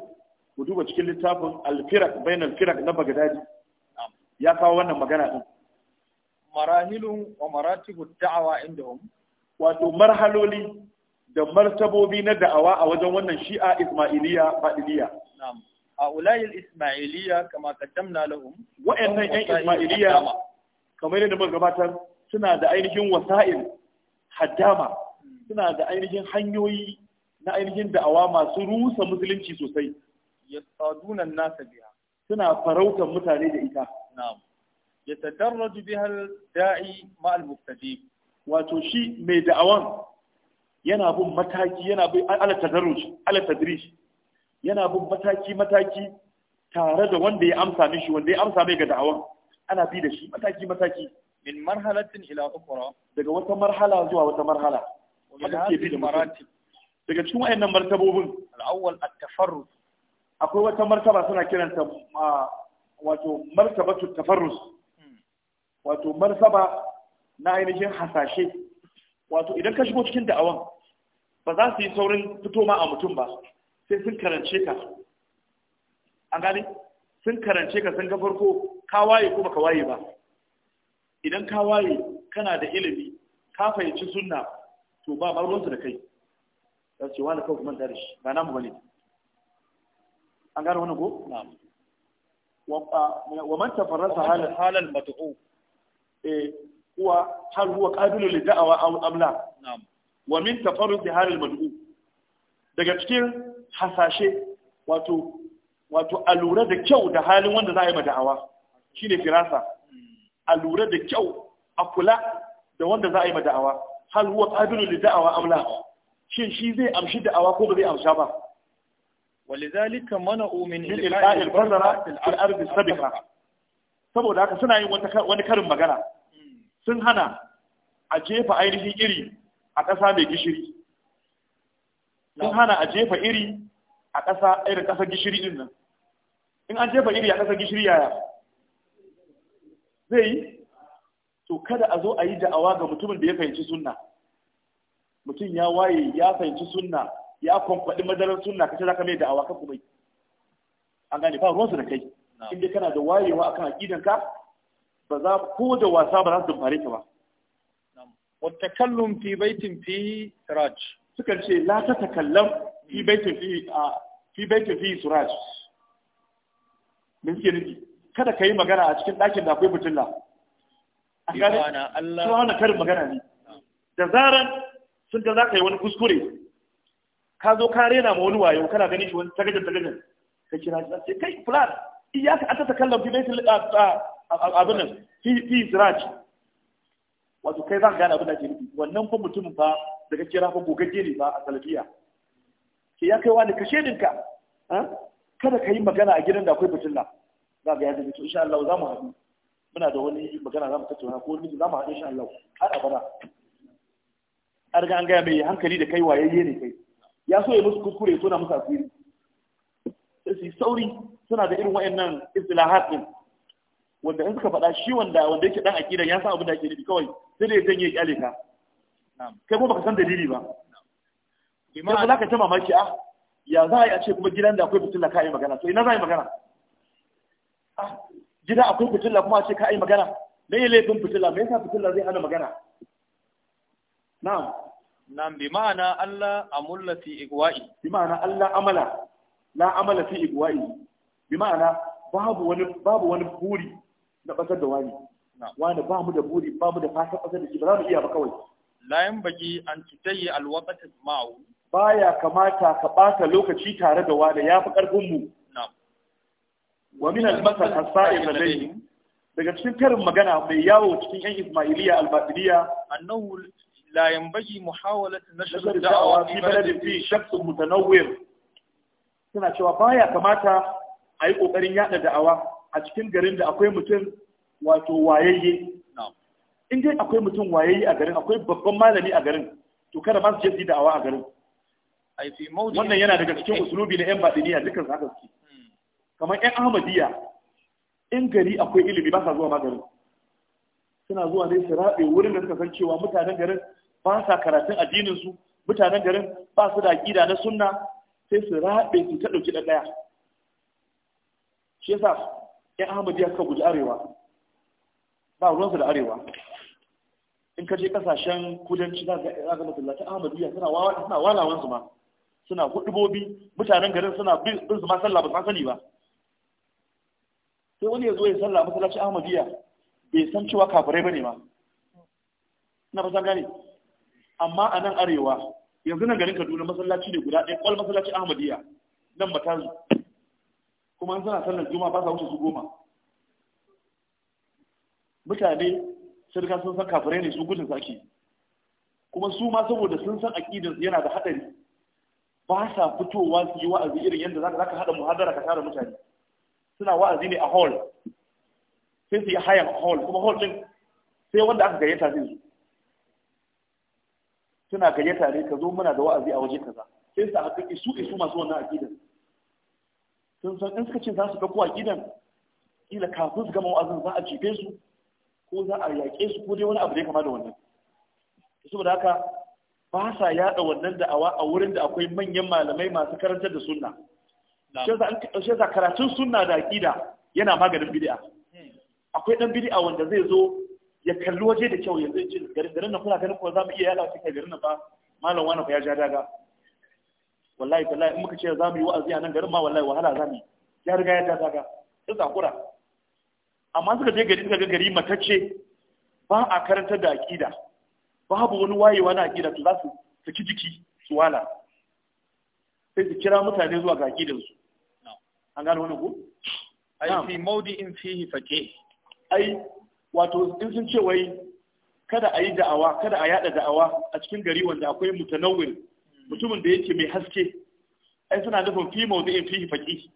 ku duba cikin littafin alfirak bayan alfirak na bagdadi ya kawo wannan magana din marahilun wa maratibu da'awa indahum wato marhaloli da martabobi na da'awa a wajen wannan shi'a ismailiya fadiliya na'am a ulayil ismailiya kama kaddamna lahum wa'annan yan ismailiya kamar yadda muka gabatar suna da ainihin wasa'il haddama hmm. suna da ainihin hanyoyi na ainihin da'awa masu rusa musulunci sosai yasaduna nasa biha suna farautar mutane da ita na'am yatadarraju biha da'i ma al-muftajib wato shi mai da'awan yana bin mataki yana bin ala yana bin mataki mataki tare da wanda ya amsa mishi wanda ya amsa mai ga da'awan ana bi da shi mataki mataki min marhalatin ila ukhra daga wata marhala zuwa wata marhala wanda ke bi da daga cikin wayannan martabobin al-awwal at-tafarrud akwai wata martaba suna kiranta wato martabatu tafarrus hmm. wato martaba na ainihin hasashe wato idan ka shigo cikin da'awan ba za su yi saurin fito ma a mutum ba sai sun karance ka an gani sun karance ka sun ga farko ka waye kuma ka waye ba idan ka waye kana da ilimi ka fahimci sunna to ba ma ruwansu da kai za ce wani kawai kuma da shi ba namu ba ne an gano wannan ko na'am wa man tafarrasa halal halal mad'u eh huwa hal huwa qabilu lid da'wa aw amla na'am wa min tafarrus halal mad'u daga cikin hasashe wato wato alura da kyau da halin wanda za a yi mada'awa shine firasa hmm. alura da kyau a kula da wanda za a yi mada'awa hal huwa qabilu lid da'wa amla shin shi zai amshi da'awa ko ba zai amsha ba ولذلك منعوا من إلقاء البذرة في الأرض السابقة saboda haka suna yin wani karin magana hmm. sun hana a jefa ainihin iri a ƙasa mai gishiri sun hana a jefa iri a ƙasa irin ƙasa gishiri din nan in an jefa iri a ƙasa gishiri yaya zai yi to kada a zo a yi da'awa ga mutumin da ya fahimci sunna mutum ya waye ya fahimci sunna ya kwankwaɗi madarar suna ka ce za ka mai da'awa ka kuma an gane ba ruwansu da kai inda kana da wayewa akan ka ba za ko da wasa ba za su dumfare ka ba wata kallon fi baitin fi suraj sukan ce la ta kallon fi hmm. baitin fi fi baitin fi siraj min suke nufi kada ka yi magana a cikin ɗakin da akwai fitilla a gane suwana karin magana ne da zaran sun ga za ka yi wani kuskure ka zo ka rena ma wani wayo kana gani shi wani tagajin tagajin ka kira shi sai kai fulan iya an ta kallon fi baitul eh, abin nan fi siraj wato kai za ka gane abin da ke nufi wannan fa mutumin fa da kira fa gogagge ne fa a salafiya ke ya kai wani kashe ninka. Eh? kada ka yi magana a gidan da akwai fitilla za ga ya zama to insha Allah za mu haɗu muna da wani magana za mu tattauna ko wani za mu haɗu insha Allah har abada an riga an gaya mai hankali da kai wayayye ne kai ya so ya musu kuskure suna musu asiri sai su yi sauri suna da irin wa'annan istilahat din wanda in suka faɗa shi wanda wanda yake dan akida ya san abin da ake nufi kawai sai da ya janye kyale ka kai kuma baka san dalili ba imma ba za ka ta mamaki a ah, ya za a yi a ce kuma gidan da akwai fitilla ka yi magana to ina za a yi magana ah, gida akwai fitilla kuma a ce ka yi magana me ya laifin fitilla me yasa fitilla zai hana magana na'am nan bi ma'ana Allah amulla fi igwa'i bi ma'ana Allah amala la amala fi igwa'i bi ma'ana babu wani babu wani buri na kasar da wani wani ba mu da buri ba mu da fatan kasar da shi ba za mu iya ba kawai la yan baki an tutayi alwaqati ma'u baya kamata ka bata lokaci tare da wani yafi karfin mu wa min al-masal as daga cikin karin magana mai yawo cikin yan ismailiya al annahu لا ينبغي محاولة نشر الدعوة في بلد فيه شخص متنور suna cewa baya kamata a yi ƙoƙarin yaɗa da'awa a cikin garin da akwai mutum wato wayayye in dai akwai mutum wayayye a garin akwai babban malami a garin to kada ma su je su da'awa a garin wannan yana daga cikin usulubi na 'yan baɗiniya dukkan haka suke kamar 'yan ahmadiyya in gari akwai ilimi ba sa zuwa ma garin suna zuwa ne su raɓe wurin da suka san cewa mutanen garin ba sa karatun addinin su mutanen garin ba su da aqida na sunna sai su rabe su ta dauki daya shi yasa ya Ahmad ya ka guji arewa ba ruwan su da arewa in ka je kasashen kudanci za ga masallacin Ahmadiyya suna suna walawan su ma suna hudubobi mutanen garin suna bin su ma sallah ba san sani ba sai wani ya zo ya sallah masallacin Ahmadiyya bai san cewa kafirai bane ma ina ba san gane amma a nan arewa yanzu nan garin kaduna masallaci ne guda ɗaya kwal masallaci ahmadiyya nan matazu kuma an suna sallar juma ba sa wuce su goma mutane shirka sun san kafirai ne su gudun sake kuma su ma saboda sun san aƙidinsu yana da haɗari ba sa fitowa su yi wa'azi irin yadda za ka haɗa muhadara ka tara mutane suna wa'azi ne a hall sai su yi hayan hall kuma hall ɗin sai wanda aka gayyata zai zo suna gayyata tare ka zo muna da wa'azi a waje kaza sai su haka isu isu masu wannan aqidan sun san in suka ce za su a gidan kila kafin su gama wa'azin za a jife su ko za a yaƙe su ko dai wani abu ne kama da wannan saboda haka ba sa yaɗa wannan da'awa a wurin da akwai manyan malamai masu karantar da sunna shi yasa karatun sunna da aqida yana maganin bid'a hmm. akwai dan bidi'a wanda zai zo ya kalli waje da kyau yanzu ce garin nan kuna ganin ko za mu iya yada cikin garin nan ba malam wani ya ja daga wallahi wallahi in muka ce za mu yi wa'azi a nan garin ma wallahi wahala za mu yi ya riga ya ja daga sai zakura amma suka je gari suka ga gari matacce ba a karantar da aƙida babu wani wayewa na aqida to za su saki jiki su wala sai su kira mutane zuwa ga su an gano wani ku ai fi maudi in fihi fake ai wato in sun ce wai kada a yi da'awa kada a yada da'awa a cikin gari wanda akwai mutanawwir mutumin da yake mai haske ai suna nufin fi mawdu'in fihi faqi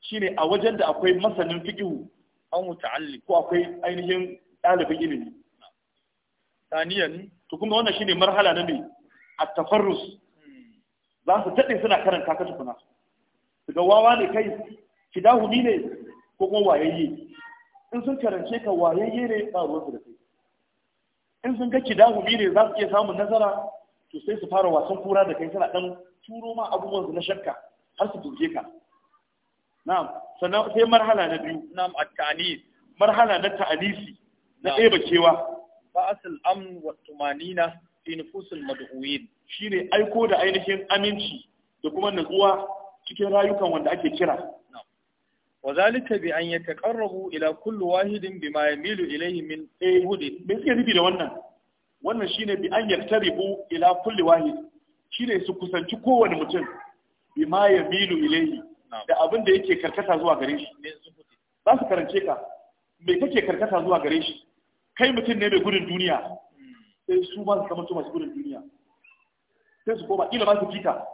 shine a wajen da akwai masanin fiqh an muta'alli ko akwai ainihin dalibin ilimi taniyan to kuma wannan shine marhala na mai at-tafarrus za su tade suna karanta ka tukuna daga wawa ne kai kidahu ne ko kuma wayayye in sun karance ka wayayye ne ba ruwan su da kai in sun ga kidahumi ne za su iya samun nasara to sai su fara wasan kura da kai suna dan turo ma abubuwan su na shakka har su duke ka na'am sannan sai marhala na biyu na'am at marhala na ta'anisi na ɗeba cewa ba asal amn wa tumanina fi nufusul mad'uin shine aiko da ainihin aminci da kuma natsuwa cikin rayukan wanda ake kira wa zalika bi an yataqarrabu ila kullu wahidin bima yamilu ilayhi min ayhudi me suke nufi da wannan wannan shine bi an yaktaribu ila kulli wahid shine su kusanci kowane mutum bima yamilu ilayhi da abin da yake karkata zuwa gare shi za su karance ka me kake karkata zuwa gare shi kai mutum ne mai gudun duniya hmm. sai su ba su zama su masu gudun duniya sai su koma ila ma su fika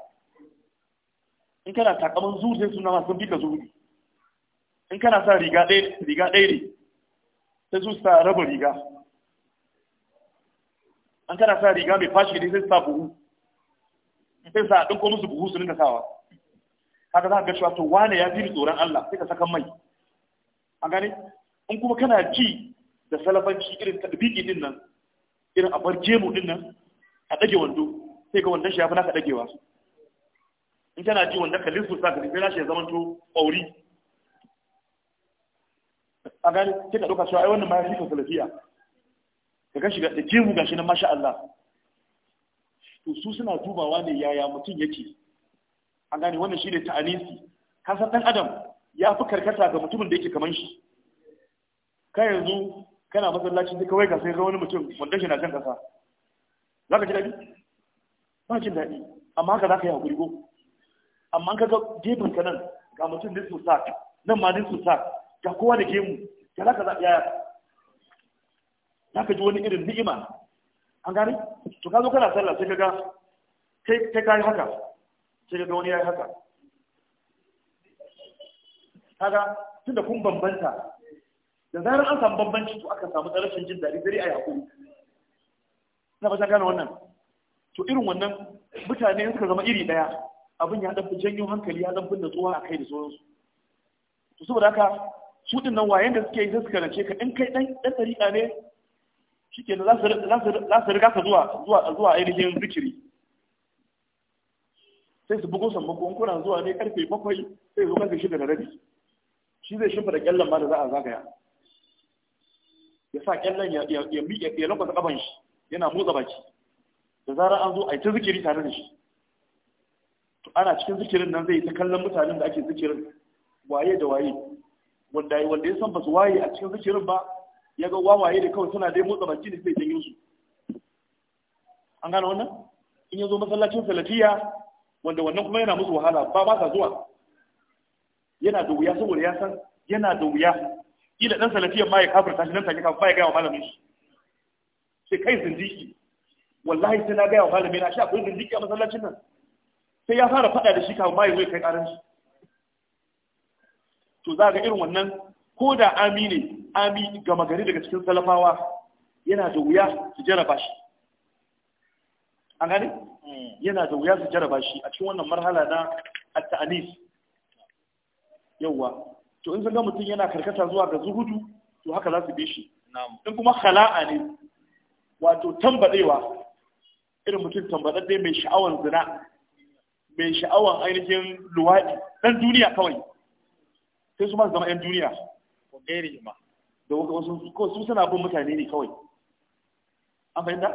in kana takaman zuwa sai su nama sun fika zuwa in kana sa riga ɗaya riga ɗaya ne sai su sa raba riga an kana sa riga mai fashi ne sai su sa buhu sai sa ɗin ko musu buhu su nika sawa haka za ka ga cewa to wane ya fi tsoron Allah sai ka saka mai an gane in kuma kana ji da salafanci irin tadbiki din nan irin a bar jemu din nan a ɗage wando sai ga wanda shi ya fi naka ɗagewa. in kana ji wanda ka lissu sa ka lissu na shi ya zama to ƙauri a gani kika ɗauka cewa ai wannan ma ya fito salafiya ka gashi da jimu gashi na masha Allah to su suna dubawa ne yaya mutum yake an gane wannan shi ne ta'anisi Kasar ɗan adam ya fi karkata ga mutumin da yake kaman shi ka yanzu kana masallaci sai kawai ka sai ga wani mutum wanda shi na kan kasa za ka ji daɗi ba jin daɗi amma haka za ka yi haƙuri ko amma ka ga gefen ka nan ga mutum nisu sa nan ma nisu sa ga kowa da ke mu, ga za ka zaɓi yaya za ka ji wani irin ni'ima an gani to ka zo kana sallah sai ka ga kai ka yi haka sai ka ga wani ya yi haka kaga tunda kun bambanta da zarar an samu bambanci to aka samu tsarashin jin daɗi dare a yaƙuri na ba gane wannan to irin wannan mutane suka zama iri ɗaya abin ya ɗan janyo hankali ya ɗan fi natsuwa a kai da sauransu to saboda haka su din nan wayan da suke yi suka rance ka in kai dan dan tariqa ne shike da za su za su riga ka zuwa zuwa zuwa ainihin zikiri sai su bugo sammako in kuna zuwa ne karfe bakwai sai zo karfe shiga da rabi shi zai shimfa da kyallan ma da za a zagaya ya sa kyallan ya ya ya ya lokwata kaban shi yana motsa baki da zarar an zo a yi ta zikiri tare da shi to ana cikin zikirin nan zai ta kallon mutanen da ake zikirin waye da waye wanda wanda ya san ba su waye a cikin zuciyar ba ya ga wawaye da kawai suna dai motsa baki ne sai janyo su an gane wannan in ya zo masallacin salatiya wanda wannan kuma yana musu wahala ba ba sa zuwa yana da wuya saboda ya san yana da wuya ila dan salatiya ma ya kafirta shi nan take kafin ba ya gaya wa malamin shi sai kai zindiki wallahi sai na gaya wa malamin na shi akwai zindiki a masallacin nan sai ya fara faɗa da shi kafin ma ya zo ya kai ƙaran shi to za ga irin wannan ko da ami ne ami gama gari daga cikin salafawa yana da wuya su jaraba shi an gane hmm. yana da wuya su jaraba shi a cikin wannan marhala na at-ta'anis yawa to in ga mutum yana karkata zuwa ga zuhudu to haka za su bi shi in kuma khala'a ne wato tambadewa irin mutum tambadadde mai sha'awan zina mai sha'awan ainihin luwaɗi ɗan duniya kawai sai su ma zama yan duniya wa gairi da wasu su suna bin mutane ne kawai an fahimta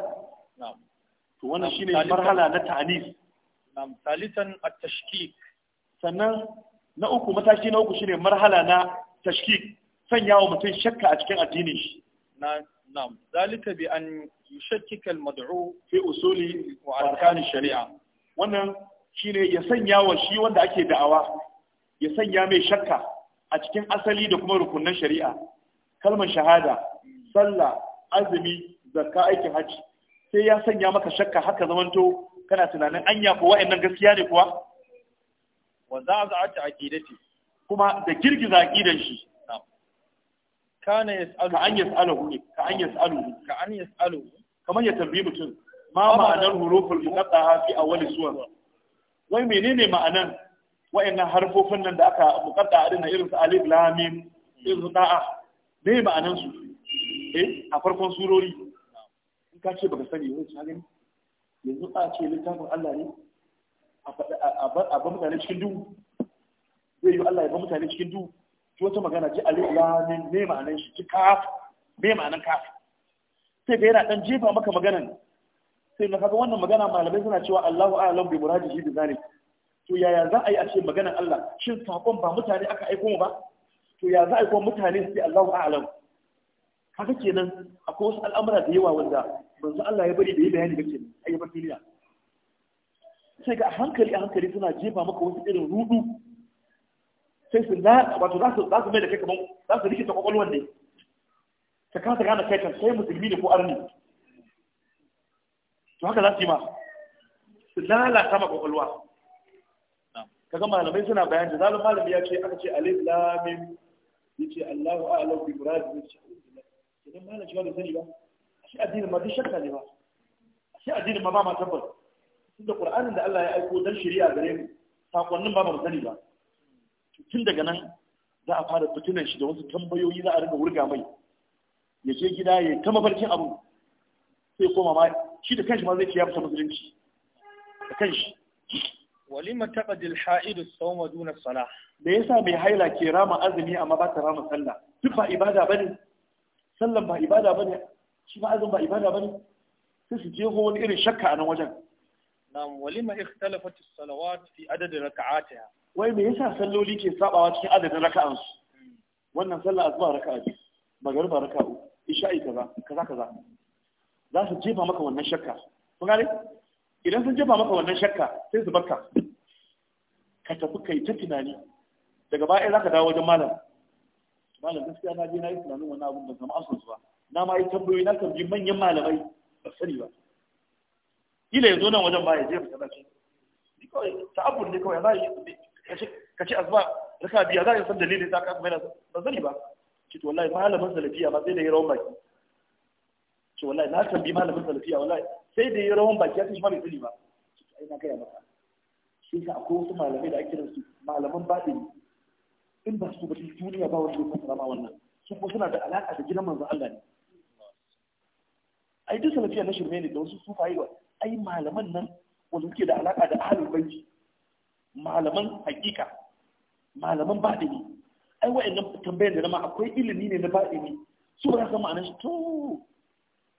to wannan ne marhala na ta'anis nam salisan a tashkik sannan na uku mataki na uku shi ne marhala na tashkik sanya wa mutum shakka a cikin addinin shi na nam zalika bi an yushakkik al-mad'u fi usuli wa arkan shari'a wannan shine ya sanya wa shi wanda ake da'awa ya sanya mai shakka a cikin asali da kuma rukunan shari'a kalmar shahada sallah azumi zakka aikin hajji sai ya sanya maka shakka haka zamanto kana tunanin anya ko wa'annan gaskiya ne kuwa wa za a ta aqidati kuma da girgiza aqidan shi kana yas'alu ka an yas'alu ka an yas'alu ka an yas'alu kamar ya tambayi mutum ma ma'anar huruful muqatta'a fi awwal suwar wai menene ma'anar wa'annan harfofin nan da aka mukatta a dinnan irin su alif lam mim irin su da'a me ma'anan su eh a farkon surori in ka ce baka sani wani ka gani yanzu a ce littafin Allah ne a ba mutane cikin duhu zai yi Allah ya ba mutane cikin duhu ki wata magana ji alif lam mim me ma'anan shi ji kaf me ma'anan kaf sai ga yana dan jefa maka maganan sai na kaga wannan magana malamai suna cewa Allahu a'lam bi muradihi bi zalik to yaya za a yi a ce maganar Allah shin saƙon ba mutane aka aiko mu ba to ya za a yi kuma mutane su ce Allahu a'lam haka kenan akwai wasu al'amura da yawa wanda manzo Allah ya bari da yi bayani ba kenan ai ba duniya sai ga a hankali a hankali suna jefa maka wasu irin rudu sai su na wato za su za su mai da kai kamar, za su rikita kwakwalwar ne ka kasa gane kai kan sai musulmi ne ko arni to haka za su yi ma su lalata ma kwakwalwa kaga malamai suna bayani da zalim malami ya ce aka ce alif lam mim yace Allahu a'lam bi murad min sha'illah idan malam shi ba sani ba a shi addini ma duk shakka ne ba A shi addini ma ba ma tabbas tunda Qur'anin da Allah ya aiko dan shari'a gare mu sakonnin ba mu sani ba tun daga nan za a fara fitinan shi da wasu tambayoyi za a riga wurga mai ya je gida ya ta mafarkin abu sai koma ma shi da kanshi ma zai ce ya fita musulunci da kanshi walima taqadil ha'idu sawma duna salah me yasa mai haila ke rama azumi amma ba ta rama sallah duk ba ibada bane sallan ba ibada bane shi ba azumi ba ibada bane sai su je wani irin shakka a nan wajen nam walima ikhtalafat as-salawat fi adad raka'atiha wai me yasa salloli ke sabawa cikin adadin raka'an su wannan sallah azba raka'a ce magariba raka'u, isha'i kaza kaza kaza za su jefa maka wannan shakka kun gane idan sun jefa maka wannan shakka sai su barka ka tafi kai ta tunani daga baya za ka dawo wajen malam malam gaskiya na je na yi tunanin wannan abun ban samu asusu ba na ma yi tambayoyi na kan manyan malamai ba sani ba kila ya zo nan wajen baya je fita shi. ni kawai ta'abbur ne kawai za yi ka ce asuba raka biya za a yi san dalilin za ka mai ba sani ba ce to wallahi malamin salafiya ba sai da yi rawan baki ce wallahi na tambi malamin salafiya wallahi sai da ya rawan baki ya san shi ma sani ba ai na gaya maka shi ka akwai wasu malamai da ake su malaman baɗin in ba su ba su duniya ba wani lokacin rama wannan su ko suna da alaƙa da gidan manzon Allah ne ai duk salafiya na shirme ne da wasu sufaye ba ai malaman nan wanda suke da alaƙa da ahalin banki malaman hakika malaman baɗini ai wa'annan tambayar da nama akwai ilimi ne na ne su ba za su ma'anar shi to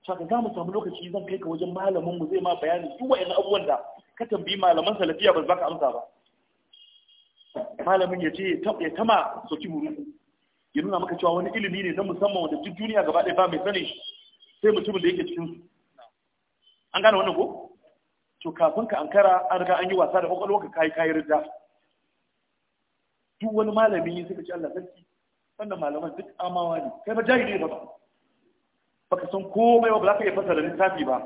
saka za mu samu lokaci zan kai ka wajen malamin mu zai ma bayani duk wa'in abubuwan da ka tambayi malaman salafiya ba za ka amsa ba malamin ya ce ya tama soki buruku ya nuna maka cewa wani ilimi ne na musamman wanda duk duniya gaba ɗaya ba mai sani sai mutumin da yake cikin su an gane wannan ko to kafin ka ankara an riga an yi wasa da kwakwalwa ka kayi kayi rida duk wani malami ka ce Allah sarki wannan malaman duk amawa ne kai ba jahili ne ba baka san komai ba za ka iya fasa da littafi ba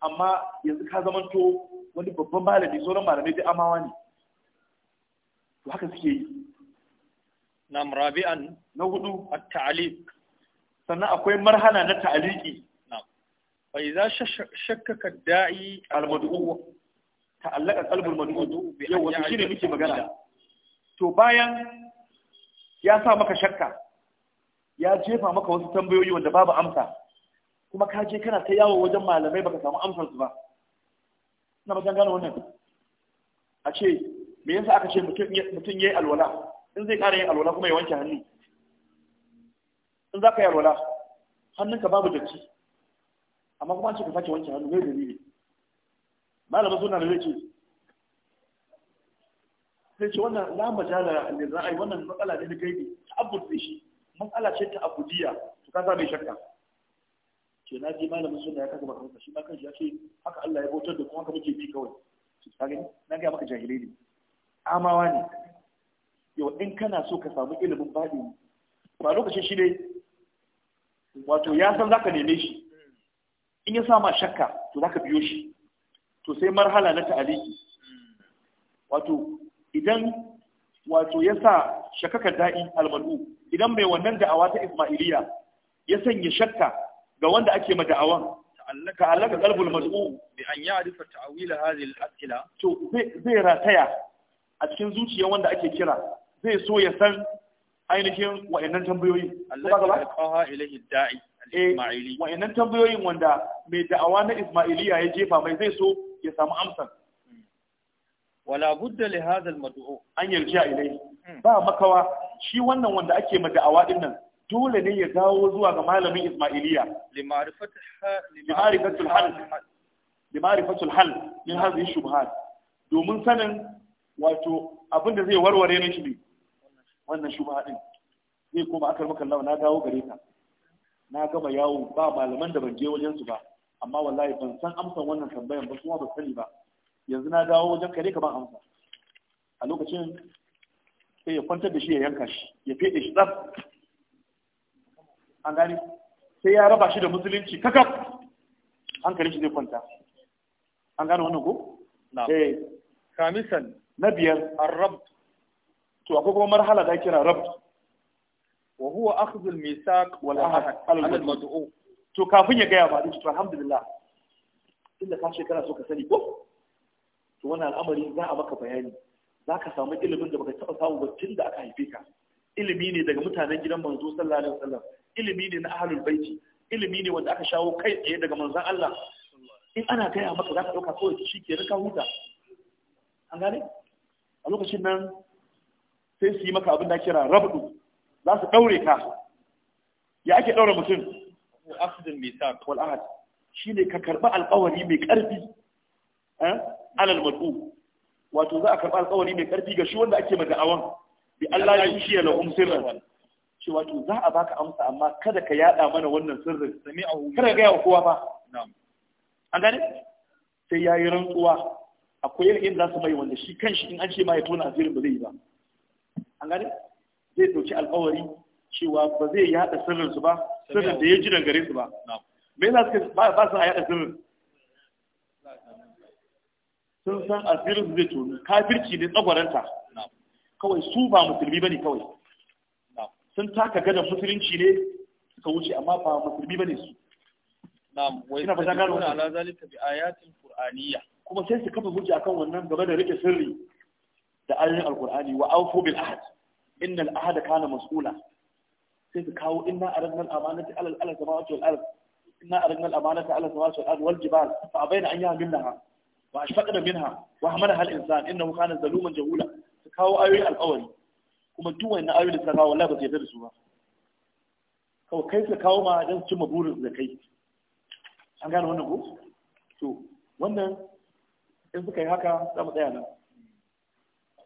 amma yanzu ka zamanto wani babban malami sauran malamai da amawa ne to haka suke yi na rabi'an na hudu a ta'aliq sannan akwai marhala na ta'aliki fa shakka ka da'i al-mad'u ta'allaka al mad'u yau shi ne muke magana to bayan ya sa maka shakka ya jefa maka wasu tambayoyi wanda babu amsa kuma ka je kana ta yawo wajen malamai baka samu amsar su ba ina ba gane wannan a ce me yasa aka ce mutum yayi alwala in zai ƙara yin alwala kuma ya wanke hannu in za ka yi alwala hannunka babu datti amma kuma an ce ka sake wanke hannu mai dalili malamin suna da zai ce sai ce wannan la majala a ra'ayi wannan matsala ne na gaibi ta abudu shi matsala ce abudiya to ka sa mai shakka ke na ji malamin sunna ya kaga ba kanka shi ma kanshi ya ce haka Allah ya bautar da kuma haka muke bi kawai su ka gani na ga maka jahilai ne amawa ne yau in kana so ka samu ilimin baɗi ba lokacin shi ne wato ya san zaka neme shi in ya sama shakka to zaka biyo shi to sai marhala na ta'aliki wato idan wato ya sa shakakar da'i almalu. idan mai wannan da'awa ta ismailiya ya sanya shakka ga wanda ake ma da'awan, ka alaka qalbul mad'u bi an ya'rifa ta'wil hadhihi al-as'ila to zai rataya a cikin zuciyar wanda ake kira zai so ya san ainihin wa'annan tambayoyi Allah ya kawo ilahi da'i al-isma'ili eh, wa'annan tambayoyin wanda mai da'awa na isma'iliya ya jefa mai zai so ya samu amsa. Hmm. wala budda li hadha al-mad'u an yarja ilayhi hmm. ba makawa shi wannan wanda ake mada'awa din nan dole ne ya dawo zuwa ga malamin Ismailiyya limarifatul hal hal min hadhihi shubuhat domin sanin wato abin da zai warware ne shi wannan shubha din zai koma akar maka Allah na dawo gare ka na gama yawo ba malaman da ban je wajen su ba amma wallahi ban san amsan wannan tambayan ba kuma ba sani ba yanzu na dawo wajen kare ka ban amsa a lokacin sai ya kwantar da shi ya yanka shi ya fede shi tsaf an gani sai ya raba shi da musulunci kakaf hankalin shi zai kwanta an gane wannan ko eh kamisan na biyar arab to akwai kuma marhala da kira rab wa huwa akhdhu al-misaq wal ahad al-mad'u to kafin ya gaya ba to alhamdulillah Inda ka shekara so ka sani ko to wannan al'amari za a maka bayani za ka samu ilimin da baka taɓa samu ba tun da aka haife ka ilimi ne daga mutanen gidan manzo sallallahu alaihi wasallam ilimi ne na ahlul baiti ilimi ne wanda aka shawo kai tsaye daga manzon Allah in ana gaya maka za ka ɗauka kawai shi ke rika huta an gane a lokacin nan sai su yi maka abin da kira rabdu za su ɗaure ka ya ake ɗaure mutum oxygen mai sa wal ahad ne ka karɓi alƙawari mai ƙarfi eh, alal madu wato za a karɓi alƙawari mai ƙarfi ga shi wanda ake ma da'awan bi Allah ya shi ya lahum sirran cewa to za a baka amsa amma kada ka yada mana wannan sirrin kada ga yawa kowa ba an gane sai yayi rantsuwa akwai yanayin za su mai wanda shi kanshi in an ce ma ya tona asirin ba zai yi ba an gane zai dauki alƙawari cewa ba zai yada sirrin su ba sirrin da ya ji gare su ba me yasa suka ba su a yada sirrin sun san asirin zai tono kafirci ne tsagwaranta kawai su ba musulmi bane kawai sun taka gadon musulunci ne suka wuce amma ba musulmi bane su na'am wai ina fata gano ala zalika bi ayatin qur'aniyya kuma sai su kafa hujja akan wannan game da rike sirri da ayoyin alqur'ani wa awfu bil ahd innal ahada kana mas'ula sai su kawo inna aradna al-amanata ala al-samawati wal ard inna aradna al-amanata ala al-samawati wal ard wal jibal fa abaina an yahmilnaha wa ashfaqna minha wa hamalaha al-insan innahu kana zaluman jahula su kawo ayoyi alqawari kuma duk wani ayoyi da kawo wallahi ba su yarda da su ba kawai kai ka kawo ma don cimma burin da kai an gane wannan ko to wannan in suka yi haka za mu tsaya nan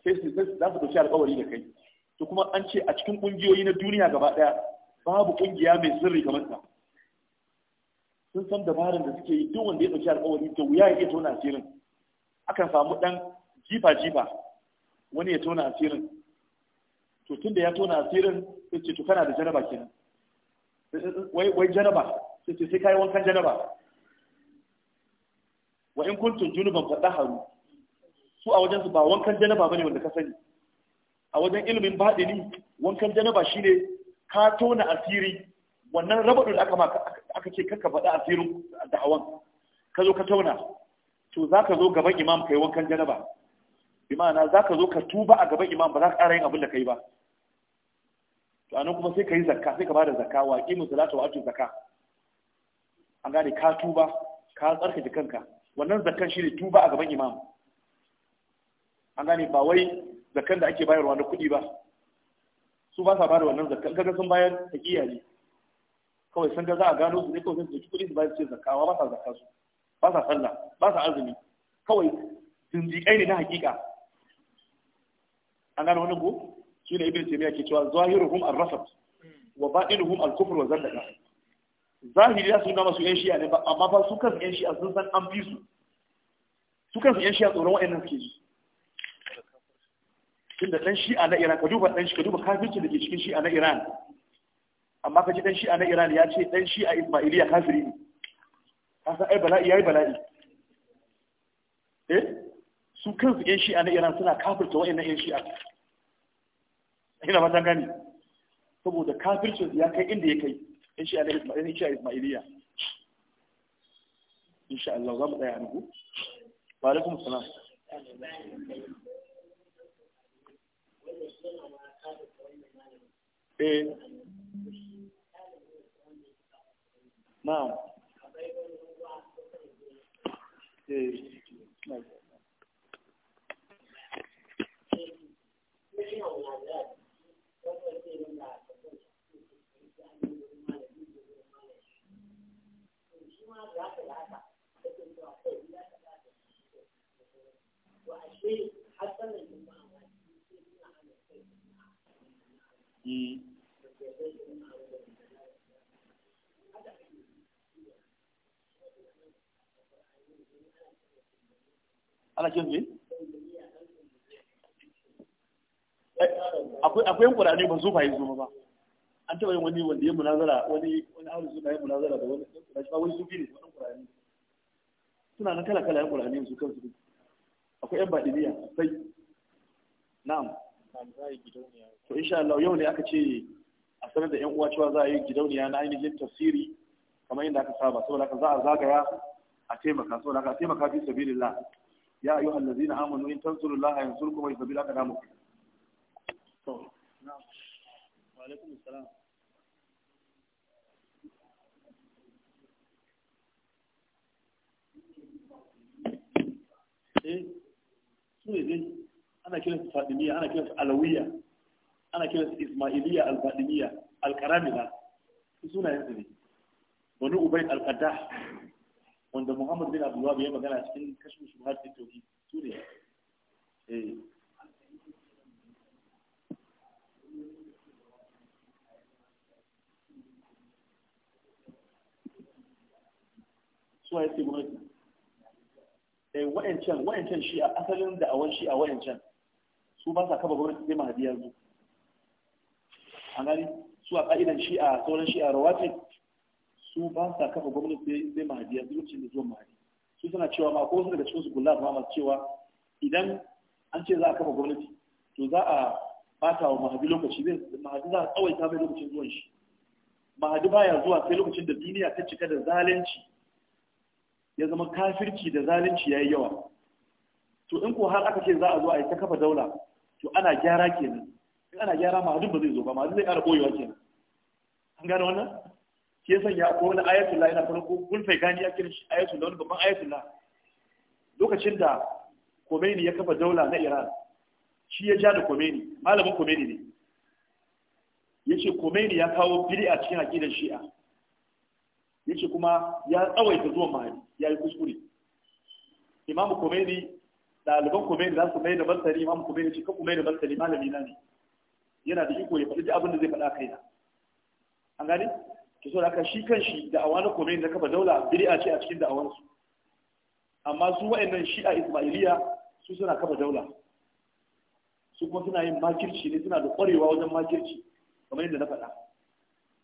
sai su za su dauki alƙawari da kai to kuma an ce a cikin ƙungiyoyi na duniya gaba ɗaya babu ƙungiya mai sirri kamar ta sun san dabarar da suke yi duk wanda ya dauki alƙawari da wuya ya iya tona asirin akan samu ɗan jifa-jifa wani ya tona asirin to tunda ya tona asirin sai ce to kana da janaba kenan wai wai janaba sai ce sai kai wankan janaba wa in kuntum junuban taharu su a wajen su ba wankan janaba bane wanda ka sani a wajen ilimin badini wankan janaba shine ka tona asiri wannan rabadin da aka maka aka ce kakka faɗa asirin da hawan ka zo ka tauna to za ka zo gaban imam kai wankan janaba imana za ka zo ka tuba a gaban imam ba za ka ƙara yin abin da ka yi ba to anan kuma sai ka yi zakka sai ka ba da zakka wa ƙimin salata wa ake zakka an gane ka tuba ka tsarkake kanka wannan zakkan shi ne tuba a gaban imam an gane ba wai zakkan da ake bayarwa na kuɗi ba su ba sa bada wannan zakkan kaga sun bayar ta ne kawai sun ga za a gano su ne kawai sun su kuɗi su bayar su zakkawa ba sa zakka su ba sa sallah ba sa azumi kawai zindiƙai ne na hakika an gane wani ko shi ne ibn taymiya ke cewa zahiruhum ar-rafd wa ba'inuhum al-kufr wa zallaka zahiri ya suna masu yan shi'a ne ba amma ba su kansu yan shi'a sun san an bi su su kansu yan shi'a tsoron wa'annan suke ji tunda dan shi'a na Iran ka duba dan shi ka duba kafirci da ke cikin shi'a na Iran amma ka ji dan shi'a na Iran ya ce dan shi'a Ismailiya kafiri ne ka san ai bala'i yayi bala'i su kansu yan shi'a na iran suna kafirta wa'annan yan shi'a ina matan gani saboda kafircin ya kai inda ya kai yan shi'a na ismailiya insha Allah za mu tsaya nuku ba da kuma suna. na'am eh Ala kiran me akwai akwai qur'ani ban zufa zuma ba an taɓa yin wani wanda ya munazara wani wani aure suna yin munazara da wani ba shi ba wani sufi ne wani qur'ani suna nan kala kala yan qur'ani su kansu akwai yan badiliya sai na'am to insha Allah yau ne aka ce a sanar da yan uwa cewa za a yi gidauniya na ainihin tafsiri kamar yadda aka saba saboda haka za a zagaya a taimaka saboda haka taimaka fi sabilillah ya ayyuhallazina amanu in tansurullaha yansurkum wa yuthabbit aqdamakum نعم. وعليكم السلام سويدين إيه؟ أنا كلمة فاطمية أنا كلمة علوية أنا كلمة إسماعيلية الفاطمية الكراملة سونا يسوي بنو أبيت القداح عند محمد بن عبد الله بيما كان عشقين كشف شبهات التوحيد سوريا إيه su waye suke gwamnati eh wayancan wayancan shi a asalin da awan shi a wayancan su ba sa kaba gwamnati sai mahadi ya zo an gani su a ƙa'idan shi a sauran shi a rawatib su ba sa kafa gwamnati sai mahadi ya zo lokacin da zuwan mahadi su suna cewa ma ko wasu daga cikin su gulla ma masu cewa idan an ce za a kafa gwamnati to za a bata wa mahadi lokaci zai mahadi za a tsawaita mai lokacin zuwan shi mahadi baya zuwa sai lokacin da duniya ta cika da zalunci ya zama kafirci da zalunci ya yi yawa to in ko har aka ce za a zo a yi ta kafa daula to ana gyara kenan in ana gyara ma ba zai zo ba ma zai ƙara boyewa kenan an gane wannan shi ya sanya ko wani ayatul la yana farko kun fai gani ya kiran shi ayatul la wani babban ayatul la lokacin da Khomeini ya kafa daula na Iran shi ya ja da Khomeini malamin Khomeini ne Ya ce Khomeini ya kawo bid'a cikin aƙidar Shi'a yake kuma ya tsawaita zuwa mahadi ya yi kuskure imam komeni ɗaliban komeni za su mai da martani imam komeni ce kan mai da martani malami na ne yana da iko ya faɗi abin da zai faɗa kai na an gani, ki so da haka shi kan shi da awana komeni da kafa daula bid'a ce a cikin da awansu amma su wa'annan shi'a ismailiya su suna kafa daula su kuma suna yin makirci ne suna da ƙwarewa wajen makirci kamar yadda na faɗa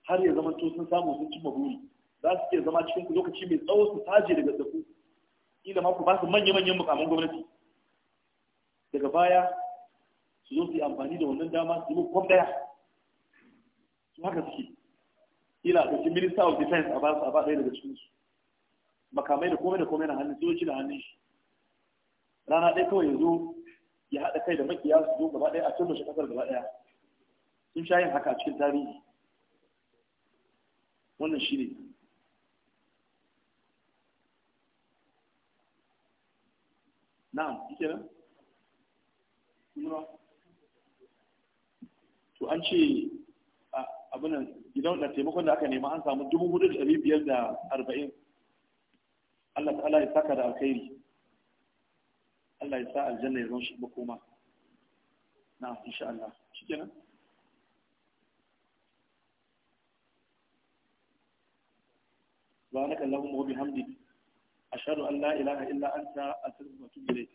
har ya zama to sun samu sun cimma buri za su iya zama cikin lokaci mai tsawo su taje daga zafu ila ma ku ba su manya-manyan mukamin gwamnati daga baya su zo su yi amfani da wannan dama su yi kwan daya su haka suke ila ɗauki minister of defense a ba su a ba ɗaya daga cikin su makamai da komai da komai na hannun sojoji da hannun shi rana ɗaya kawai ya zo ya haɗa kai da makiya su zo gaba ɗaya a cikin mashi ƙasar gaba ɗaya sun sha yin haka a cikin tarihi wannan shi ne نعم shi kenan to an ce abinan idan da taimakon da aka nema an samu dubu hudu da biyar da arba'in Allah ta'ala ya saka da alkhairi Allah ya sa aljanna ya zama shi makoma na insha Allah shi kenan kallon اللهم hamdi. ashhadu an la ilaha illa an astaghfiruka wa atubu ilayk